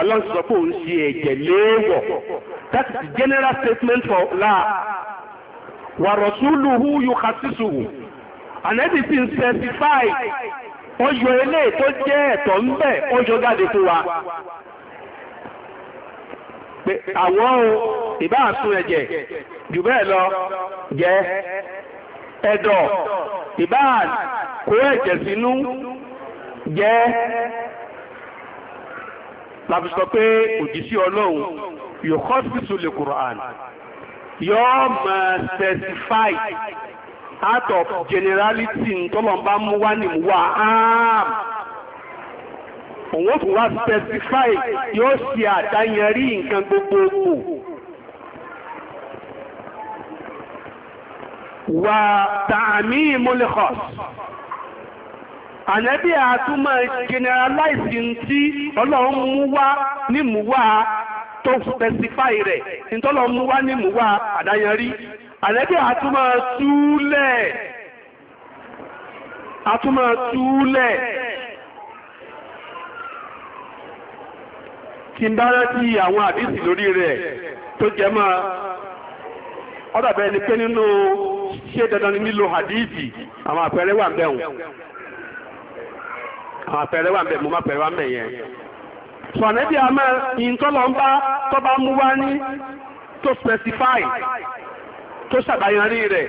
ọlọ́run sọ ṣe ẹ̀jẹ̀ léèwọ̀ that is the general statement for la wà rọ̀túlùhù yóò kà sísù ànẹ́bí sì ń sẹ́sifáì ọyọ ilé tó jẹ́ ẹ̀tọ́ ń bẹ̀ ọjọ́ jáde fún wa pé àwọn o ìbá àsun ẹ̀jẹ̀ jù bẹ́ẹ̀ lọ jẹ́ ẹ̀dọ̀ ìbá kó ẹ̀jẹ̀ sínú jẹ́ láti sọ pé òjíṣẹ́ ọlọ́run yóò kọ́sìtù lè Quran yóò mọ̀ specify out of generality ntọ́lọ́mbà mú wá ní mú wá áàm òun fún wa yóò ṣe àdáyanrí nǹkan gbogbogbò wà tààmì ìmúlẹ̀kọ́sì. ànẹ́bí àtúmọ̀ generalize tí ọlọ́run mú wá ní múwá tó specify rẹ̀ nítọ́lọ́run mú wá ní múwá àdáyanrí ànẹ́bí àtúmọ̀ túlẹ̀ àtúmọ̀ túlẹ̀ kí bá rántí àwọn àdísì lórí rẹ̀ tó jẹ mọ́ ọ̀dàbẹ̀ ni pé nínú ṣé dandan nílò àdísì àwọn àpẹẹrẹ wà àwọn àpẹẹrẹ wà mẹ́ mo má pẹ̀rẹ̀ wà mẹ́ yẹn sọ̀nẹ́bí àmọ́ ń bá tó mú wá ní tó specify tó ṣàbáyanrí rẹ̀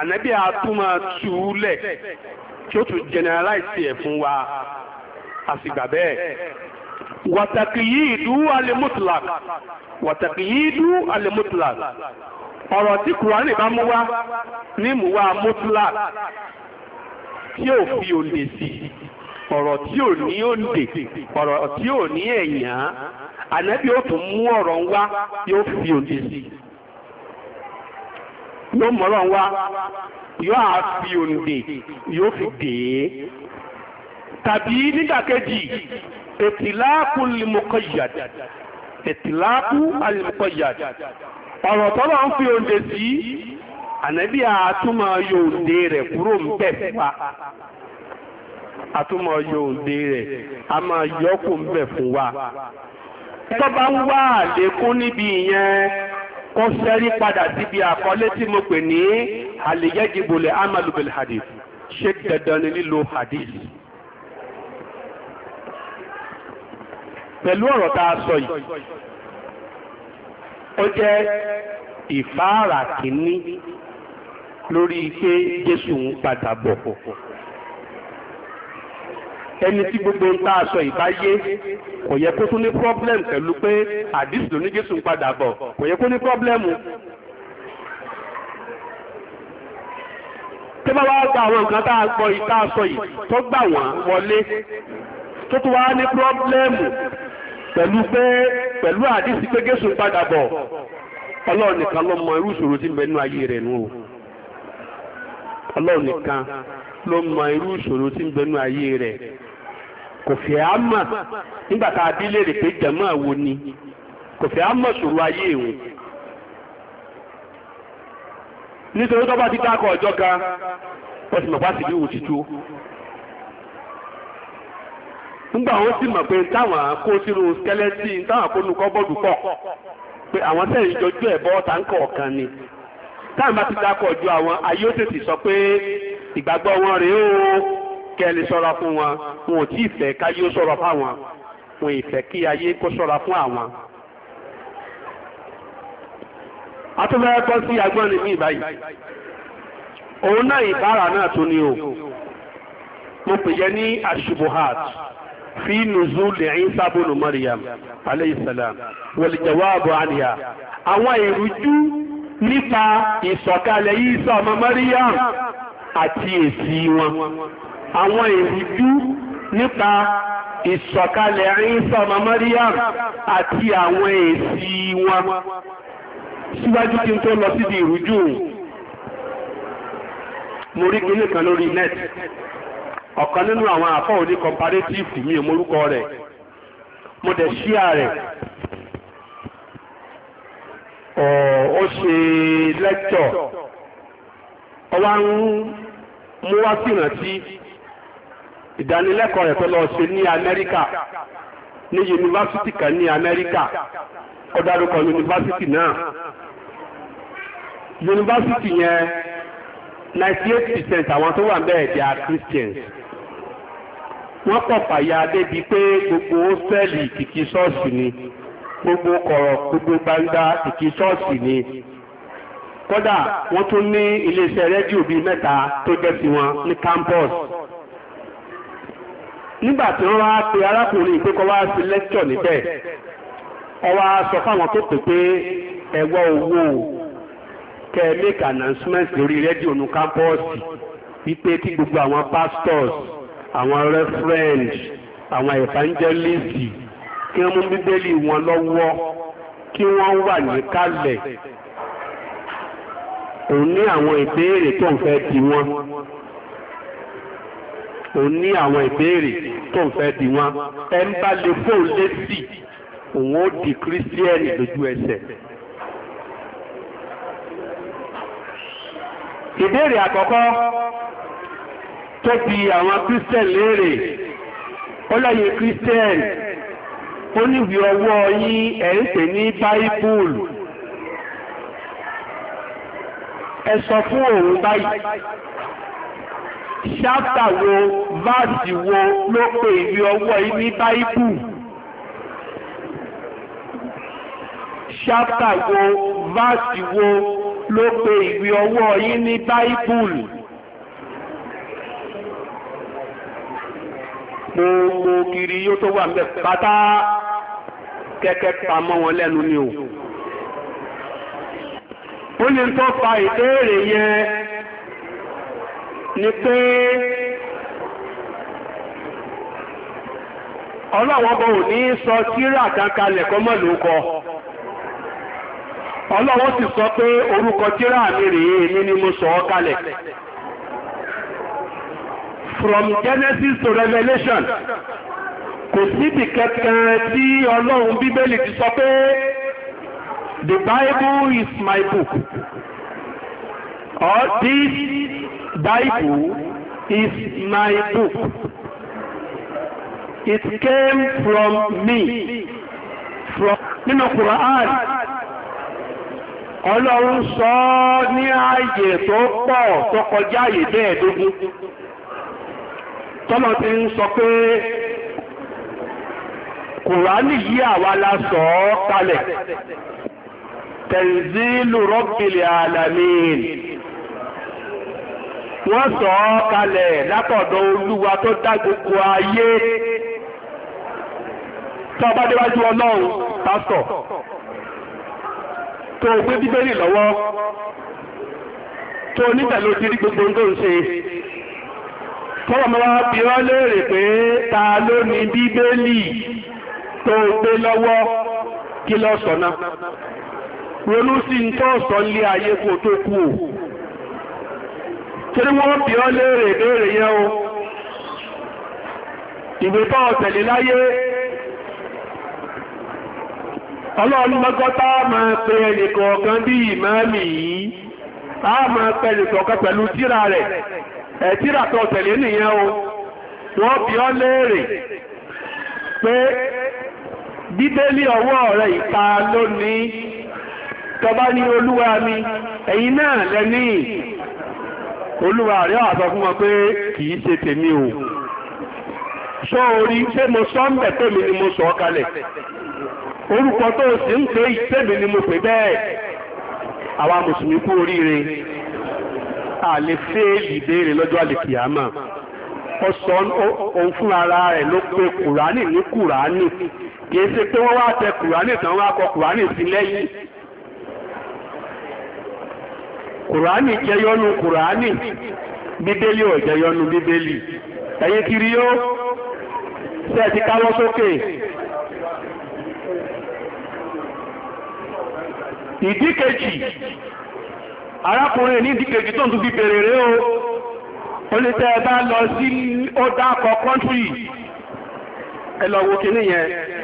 ànẹ́bí àtúmọ̀ túlẹ̀ tí ó tún generalize ẹ̀ fún wa àsìgbà bẹ́ẹ̀ wàtàkìyídú alimutlak wàtàkìyídú alimutlak ọ̀rọ̀ tí kùránì bá mú wá ní mú wá mutlak tí ò fi òǹdè sí ọ̀rọ̀ tí ò ní òǹdè ọ̀rọ̀ tí ò ní ẹ̀yàn ànábì ó tún mú ọ̀rọ̀ ń wá yóò fi òǹdè sí yóò mọ̀rọ̀ ń wá yóò á fi òǹdè yóò fi dè é tàbí nídàkejì ètìláàkù lèmọ̀kọ̀yàd ètìláàkù àlèmọ̀kọ̀yàd ọ̀rọ̀ tọ́lọ́ ń fi òǹdè sí ànábì àtúmọ̀ yòòdè rẹ̀ kúrò ń bẹ̀ wá àtúmọ̀ yòòdè rẹ̀ a máa yọ kó ń bẹ̀ fún wa tó bá ń wá àlékún níbi ìyẹn kó sẹ́rí padà síbi àkọlé tí mo pè ní àlèyẹ́dìbòlè amalubel hadith ṣé dandan ni lílo hadith. pẹ̀lú ọ̀rọ̀ tá a sọ yìí ó jẹ́ ìfáàrà kìíní lórí pé Jésù ń padà bọ̀ ẹni tí gbogbo ń tá a sọ ìbáyé kò yẹ kó tún ní problem pẹ̀lú pé àdìsí ló ní Jésù ń padà bọ̀ kò yẹ kó ní problem tó bá wá gba àwọn nǹkan tá a gbọ́ yìí tá a sọ yìí tó gbà wọ́n wọlé tó tún wá ní pírọ́blẹ́mù pẹ̀lú pé pẹ̀lú àdìsí pé Jésù padà bọ̀ Ọlọ́run nìkan irú ìṣòro tí ń bẹ nínú ayé rẹ̀ nù ọlọ́run nìkan ló mọ irú ìṣòro tí ń bẹnu ayé rẹ̀ kò fẹ́ á mọ̀ nígbà tá a bí léèrè pé jẹ̀mọ́ ni kò fẹ́ á mọ̀ ṣòro ayé ìwọ̀n nítorí tó bá ti dákọ̀ ọjọ́ kan wọ́n ti mọ̀ bá sì bí òun ti tó nígbà wọn sì mọ̀ pé táwọn kó sínú skeleton táwọn kó nu pọ̀ pé àwọn sẹ́yìn jọjú ẹ̀ bọ́ ọ̀kan ni táwọn bá ti dákọ̀ ju àwọn ayé ó tètè sọ pé ìgbàgbọ́ wọn rèé o kẹ́ni sọ́ra fún wọn wọn ò tí ì fẹ́ káyé ó sọ̀rọ̀ fáwọn wọn ì fẹ́ kí ayé kó sọ̀ra fún àwọn. atúbẹ̀rẹ̀ kọ́ sí agbọ́nrin mi báyìí òun náà ìbára náà tún ni o mo pè yẹ ní ashubuhat fi nuzul Isa ibn Maryam alayhi salam wal jawab anha àwọn ìrújú nípa ìsọ̀kalẹ̀ Ìsá ọmọ Maryam àti èsì wọn àwọn ìrújú nípa ìsọ̀kalẹ̀ Ìsá ọmọ Maryam àti àwọn èsì wọn síwájú kí n tó lọ síbi ìrújú mo rí kíní kan lórí net ọ̀kan nínú àwọn àfọ́ òní comparative mi ò mọ orúkọ rẹ̀ mo dẹ̀ ṣíà rẹ̀ ó ṣe lẹ́kítọ̀ ọwá ń mú wá sí ìrántí ìdánilẹ́kọ̀ọ́ rẹ̀ tó lọ ṣe ní Amẹ́ríkà ní yunifásitì kan ní Amẹ́ríkà ó dárúkọ yunifásitì náà yunifásitì yẹn ninety eight percent àwọn tó wà bẹ́ẹ̀ they are Christians wọ́n pọ̀ pàyà débi pé gbogbo hostel kìkì ṣọ́ọ̀ṣì ni. gbogbo kọ̀rọ̀ gbogbo gbangba ìkí ṣọ́ọ̀ṣì ni kódà wọ́n tún ní iléeṣẹ́ rédíò bíi mẹ́ta tó jẹ́ sí wọn ní campus nígbà tí wọ́n wá pe arákùnrin pé kó wá sí lẹ́kítọ̀ níbẹ̀ ó wá sọ fáwọn tó pè pé ẹ̀wọ́ owó kẹ́ ẹ make announcement lórí rédíò ní campus wípé kí gbogbo àwọn pastors àwọn referend àwọn evangelists kí wọ́n mú bíbélì wọn lọ́wọ́ kí wọ́n wà níkàlẹ̀ òun ní àwọn ìbéèrè tó ń fẹ́ di wọn òun ní àwọn ìbéèrè tó ń fẹ́ di wọn ẹ ń bá lè fóun lésì òun ó di kírísítíẹ́nì lójú ẹsẹ̀. ìbéèrè àkọ́kọ́ tó bi àwọn kírísítẹ́nì léèrè ó lẹ́yìn kírísítẹ́nì ó níwèé ọwọ́ yín ẹ̀ ń pè ní báíbùlù ẹ sọ fún òun báyìí ṣáàtà wo váàsì wo ló pe ìwé ọwọ́ yín ní báíbù ṣáàtà wo váàsì wo ló pe ìwé ọwọ́ yín ní báíbùlù. mo mo kiri yóò tó wà ń kẹ́kẹ́ pamọ́ wọn lẹ́nu ni o ó ní tó fa ìbéèrè yẹn ni pé ọlọ́wọ́ bọ̀ ò ní sọ tírà kankanle kọ́ mọ́ ló kọ ọlọ́wọ́ sì sọ pé orúkọ tírà mi rèé èmi ni mo sọ ọ́ kalẹ̀ from Genesis to Revelation kò síbi kankan tí ọlọ́run bíbélì ti sọ pé the bible is my book or this bible is my book it came from me from nínú quran ọlọ́run sọ ọ́ ní ààyè tó pọ̀ tó kọjá ààyè bẹ́ẹ̀ dógún tọ́lọ́ ti ń sọ pé kùránì yí àwa la sọ ọ́ kalẹ̀ tẹ̀nzílù rọ́bìlì alamin wọ́n sọ ọ́ kalẹ̀ látọ̀dọ̀ olúwa tó dá gbogbo ayé tó bá déwájú ọlọ́run pásítọ̀ tó gbé bíbélì lọ́wọ́ tó nítẹ̀lé ojúrí gbogbo ń tó ń ṣe tọ́wọ́ bí wọ́n léèrè pé ta ló ní bíbélì tó gbé lọ́wọ́ kí lọ sọ ronú sí ń tó sọ nílé ayé kò tó kú o kí wọ́n bí ọ léèrè léèrè yẹn o ìwé tó ọ̀tẹ̀lé láyé ọlọ́run mọ́gọ́ta máa pe ẹnìkọ̀ọ̀kan bí ìmáàmì yìí a pe ẹnìkọ̀ọ̀kan pẹ̀lú tíra rẹ̀ ẹ̀tíra tó nìyẹn o wọ́n bí ọ léèrè pé bíbélì ọwọ́ rẹ̀ ìta lónìí tọba ní olúwa mi ẹ̀yin náà lẹ́ní olúwa rẹ̀ àsọ fún wọn pé kìí ṣe tèmi o sọ orí pé mo sọ ń bẹ̀ pé mi ni mo sọ kalẹ̀ orúkọ tó sì ń pè tèmi ni mo pè bẹ́ẹ̀ àwa mùsùlùmí kú oríire àlè fẹ́ẹ̀lì ìbéèrè lọ́jọ́ àlèkìyàmà ọ̀sán òun fún ara rẹ̀ ló pe kùránì ní kùránì kìí ṣe pé wọ́n wá tẹ kùránì tán wá kọ kùránì sí lẹ́yìn kùránì jẹyọnu kùránì bíbélì ò jẹyọnu bíbélì ẹ̀yin kiri yó ṣe ti káwọ́ sókè ìdí arákùnrin ní ìdí tó ń tún fi bèrè rẹ o ó ní tẹ́ ẹ bá lọ sí ó dákọ̀ kọ́ńtírì ẹ lọ yẹn.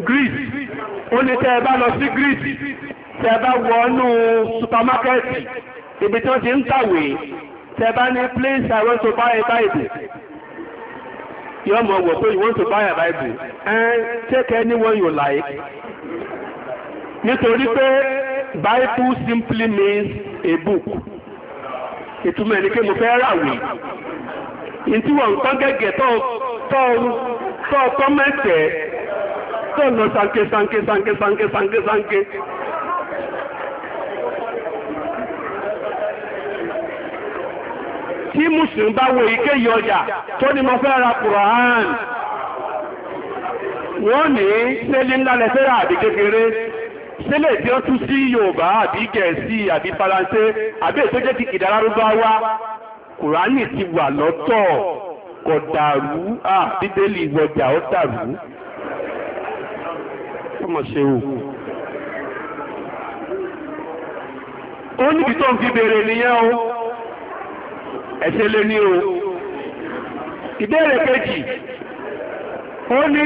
Greece ó ní tẹ́ ẹ bá lọ sí Greece tẹ́ ẹ bá wọnú supamakẹ́ẹ̀tì ibi tí wọ́n ti ń tàwé tẹ́ ẹ bá ní place I want to buy a Bible yọ mọ̀ wọ̀ pé you want to buy a Bible ẹn take anyone you like nítorí pé Bible simply means a book ìtumọ̀ ẹni pé mo fẹ́ ràwé ìtúwọ̀n kọ́ gẹ́gẹ́ tó tó tó kọ́mẹ́tẹ̀ẹ́ tó lọ sáńké sáńké sáńké sáńké sáńké sáńké tí mùsùlùmí bá wo ike yọ ọjà tó ní mo fẹ́ ra Quran wọ́n ní sílé ńlá lẹ́sẹ̀rẹ̀ àbí kékeré sílé tí ó tú sí Yorùbá àbí Gẹ̀ẹ́sì àbí Faransé àbí ètò jẹ́ ti kìdára rúbáwá Kùránì ti wà lọ́tọ̀ kò dàrú à ìwọjà ó dàrú mọ̀ ṣe o ó níbi tó ń fi béèrè nìyẹn o ẹ̀ṣẹ̀ lé ní o ìbéèrè kejì ó ní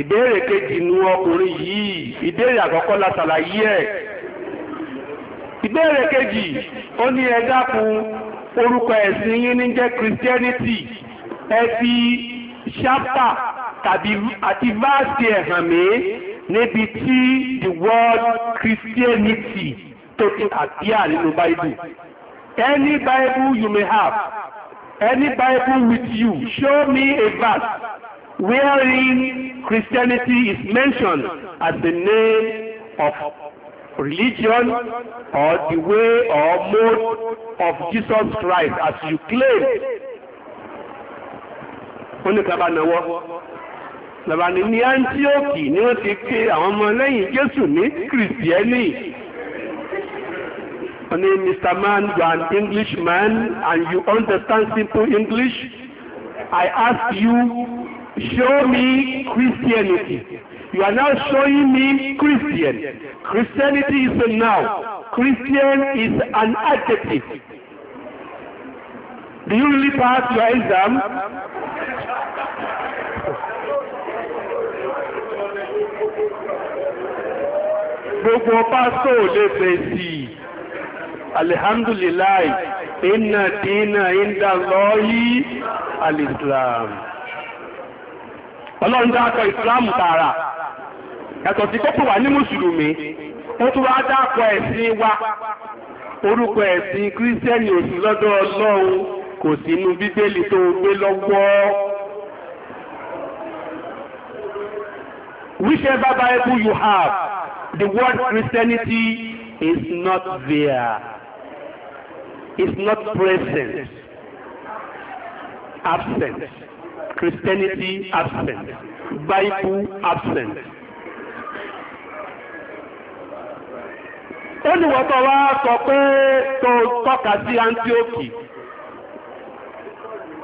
ìbéèrè kejì nu ọkùnrin yìí ìbéèrè àkọ́kọ́ látàlàyé ẹ̀ ìbéèrè kejì ó ní ẹ orúkọ ẹ̀sìn yín ní jẹ́ christianity ẹ fi ṣápà tàbí àti váàsì ẹ̀hàn mi níbi tí the word Christianity tó ti appear nínú Bible any Bible you may have any Bible with you show me a verse wherein Christianity is mentioned as the name of religion or the way or mode of Jesus Christ as you claim. ó ní ká náwó làbàní ní Áńtíókì ni wọ́n ti pé àwọn ọmọ lẹ́yìn Jésù ní kìrìsìtẹ́nì wọ́n ní Mr. Man you are an English man and you understand simple English I ask you show me Christianity you are now showing me Christian Christianity is a noun Christian is an adjective do you really pass your exam? gbogbo pásítọ̀ lè fèsì alihamdulilayi iná dínà ìdá lọ́yí alìsìlám ọlọ́run dákọ̀ ìsìlám tààrà yàtọ̀ sí kọ́pù wà ní mùsùlùmí ó tún wá dákọ̀ ẹ̀sìn wa orúkọ ẹ̀sìn kírísítẹ́nì òsì lọ́dọ̀ ọlọ́run kò sínú bíbélì tó gbé lọ́wọ́ whichever bible you have the word Christianity is not there. It's not present. Absent. Christianity absent. Bible absent. ó ní wọ́n tó wá sọ pé tó tọ́ka sí Antioch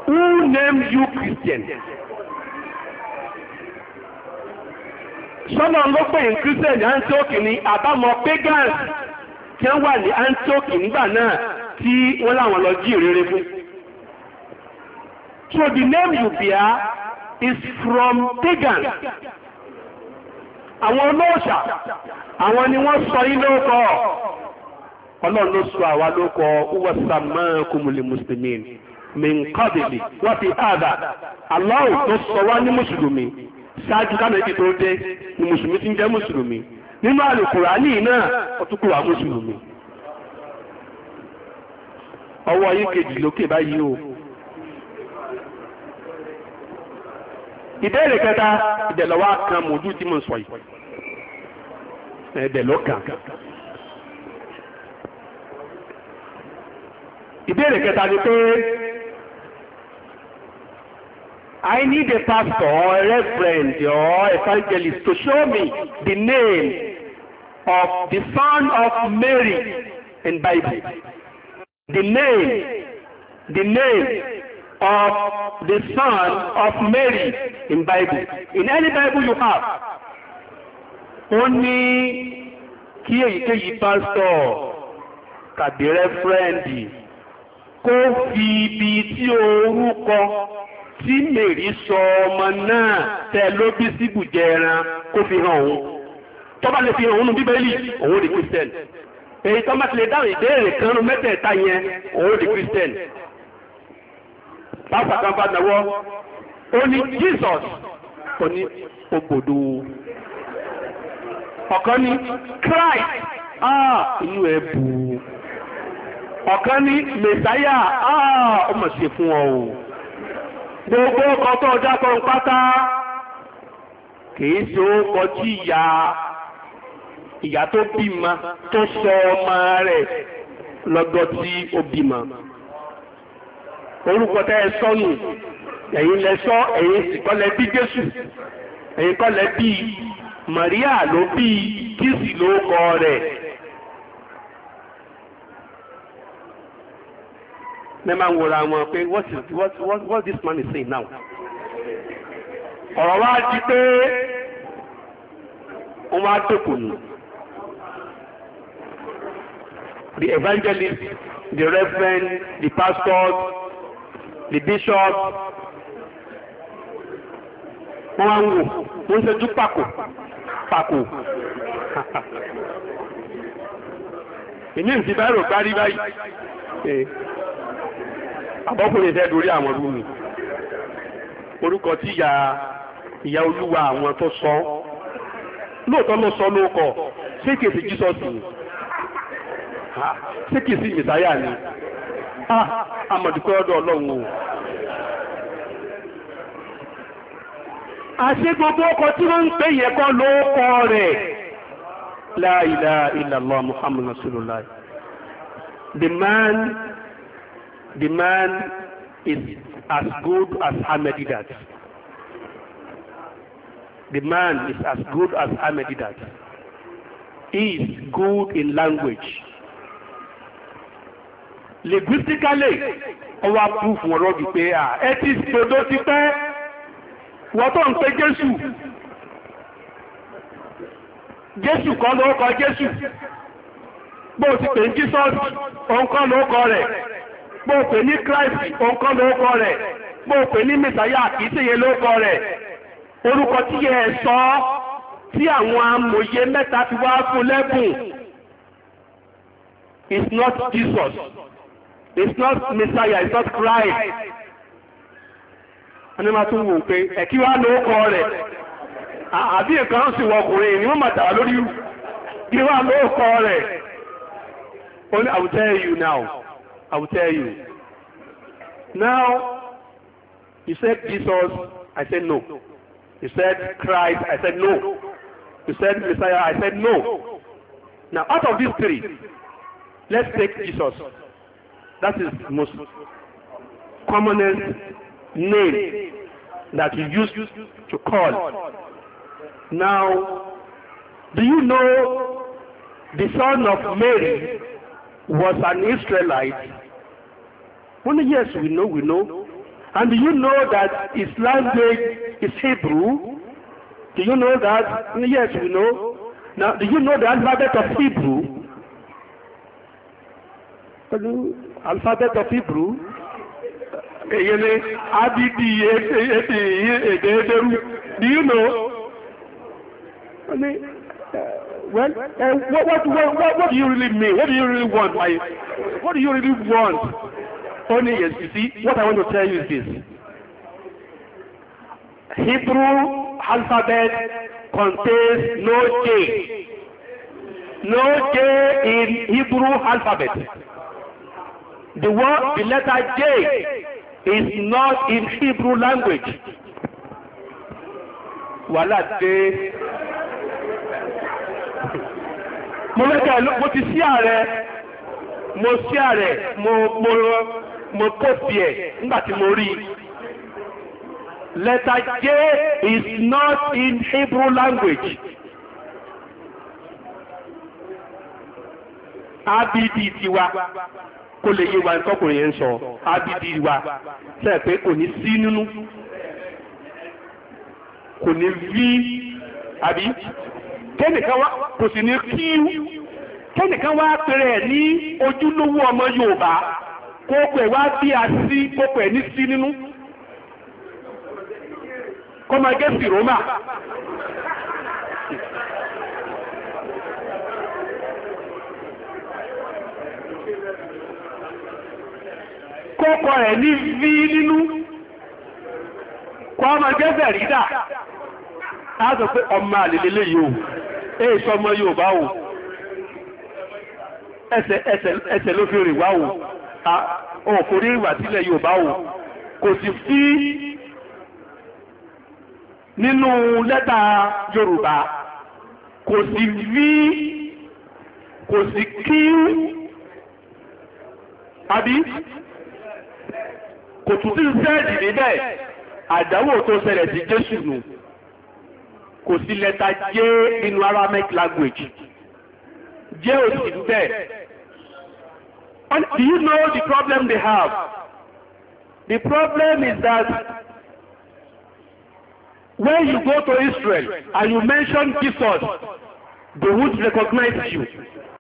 who named you Christian? sọ́nà ló pè ní christian antioch ní àbámọ̀ pagans tí wọ́n wà ní antioch nígbà náà tí wọ́n láwọn lọ jí ìrere fún. so the name you bear is from pagan àwọn olóòṣà àwọn ni wọ́n sọ yín lóko ọlọ́run ló sọ àwa lóko wọ́n sàmọ́ kùmùlì mùsùlùmí min qabili wọ́n ti hàdà aláwọ̀ tó sọ wá ní mùsùlùmí. ṣáájú kámẹ́jì tó dé ni mùsùlùmí ti ń jẹ́ mùsùlùmí nínú àlùkùránì náà ọtúkùrà mùsùlùmí ọwọ́ yín kejì lókè báyìí o ìbéèrè kẹta ìdẹ̀lọ́wọ́ kan mọ̀jú tí mo sọ yìí ẹ̀ẹ́dẹ̀lọ́ kan ìbéèrè kẹta ni pé I need a pastor or a reverend or evangelist to show me the name of the son of Mary in Bible. The name, the name of the son of Mary in Bible. In any Bible you have, ó ní kí èyíkéyìí pastor tàbí rẹ́fúrẹ́ǹdì kó fi ibi tí orúkọ tí mèrí sọ ọmọ náà tẹ ló bí síbùjẹ ẹran kó fi hàn òun tọ́ba lè fi hàn òun nu bíbélì òun di christian èyí tọ́ba ti lè dáhùn ìbéèrè kan nu mẹ́tẹ̀ẹ̀ta yẹn òun di christian báwo kan bá náwó ó ní jesus kò ní ògbòdo ọ̀kan ní christ ah inú ẹ̀ bù ọ̀kan ní mẹ̀sáyà ah ọmọ ṣe fún ọ o gbogbo ọkọ̀ tó dákọ̀ ń pátá kìí ṣe ó kọjú ìyá ìyá tó bímọ tó sọ ọmọ rẹ̀ lọ́gọ́ tí ó bímọ orúkọ tẹ́ ẹ sọ́nù ẹ̀yin lẹ sọ ẹ̀yin sì kọ́ lẹ bí Jésù ẹ̀yin kọ́ lẹ bí Màríà ló bí kí sì ló kọ rẹ̀. ní máa ń wòra wọn pé what is what what what this man is saying now. ọ̀rọ̀ wa di pé wọ́n wá dòkò nù. the evangelist the reverend the pastor the bishop wọ́n wá ń wò wọ́n ń ṣẹ́jú pàkó pàkó èmi ń fi báyìí rò parí báyìí. Eh. àbọ́kùnrin fẹ́ dorí àwọn rú mi orúkọ tí ìyá ìyá olúwa àwọn tó sọ lóòótọ́ ló sọ lóòkọ ṣé kìí sí jísọ́ọ̀sì ni ṣé kìí sí mìsáyà ni amọ̀dúpẹ́ ọ̀dọ̀ ọlọ́run gbogbo ọkọ tí wọ́n ń pè lóòkọ rẹ̀ la the man The man is as good as Ahmedidat. The man is as good as Ahmedidat. He is good in language. Linguistically, our proof will lọ́bi pé à ethics gbọdọ̀ ti pẹ́ wọ́n tó ń pe Jésù. Jésù kọ́ ló kọ Jésù. on o ti pè mo pè ní Christ òǹkọ́ ló rẹ̀ mo pè ní mẹsàyà kìí ṣèyẹ ló rẹ̀ orúkọ tí yẹ sọ tí àwọn amòye mẹ́ta fi wá fún lẹ́bùn it's not Jesus it's not Messiah it's not Christ ẹni máa tún wò ó pé ẹ̀kí wá ló kọ rẹ̀ àbí nǹkan sì wọ ọkùnrin ni wọ́n máa tàwa lórí kí wá ló rẹ̀ only I will tell you now. I will tell you. Now, he said Jesus, I said no. He said Christ, I said no. He said Messiah, I said no. Now, out of these three, let's take Jesus. That is the most commonest name that you use to call. Now, do you know the son of Mary was an Israelite? Well, yes, we know, we know. And do you know that his language is Hebrew? Do you know that? yes, we know. Now, do you know the alphabet of Hebrew? Alphabet of Hebrew? Eyele, Abidi, Ede, Ederu. Do you know? Well, uh, what, what, what, what do you really mean? What do you really want? My, what do you really want? Only, yes, you see, what I want to tell you is this. Hebrew alphabet contains no J. No J in Hebrew alphabet. The word, the letter J is not in Hebrew language. Wàhálà J mo mẹ́ta mo ti sí ààrẹ mo sí ààrẹ mo mo mo post ẹ̀ nígbà tí mo rí letter J is not in Hebrew language. abd tiwa kó lè yé wa tọkùnrin yẹn ń sọ abd wa sẹ́ẹ̀ pé kò ní sí nínú kò ní rí àbí kẹ́nìkan wá kò ní kẹ́nìkan ojúlówó ọmọ Yorùbá kó pẹ̀ wá bí a sí kó pẹ̀ ní sí nínú kọ́ gẹ́sì Roma kọ́kọ́ nínú a sọ pé ọmọ àlèlélé yóò èyí sọ ọmọ yóò bá wò ẹsẹ̀ ló fi rìn wá wò ọkùnrin ìwà sílẹ̀ yóò bá wò kò sì fi nínú lẹ́tà Yorùbá kò sì fi kò sì kí àbí kò tún sí sẹ́ẹ̀dì níbẹ̀ àdáwò tó ṣẹlẹ̀ sí Jésù nù kò sí lẹ́tà j nínú Aramaic language j ò sì ń bẹ́ẹ̀. Do you know the problem they have? The problem is that when you go to Israel and you mention Jesus, they would recognize you.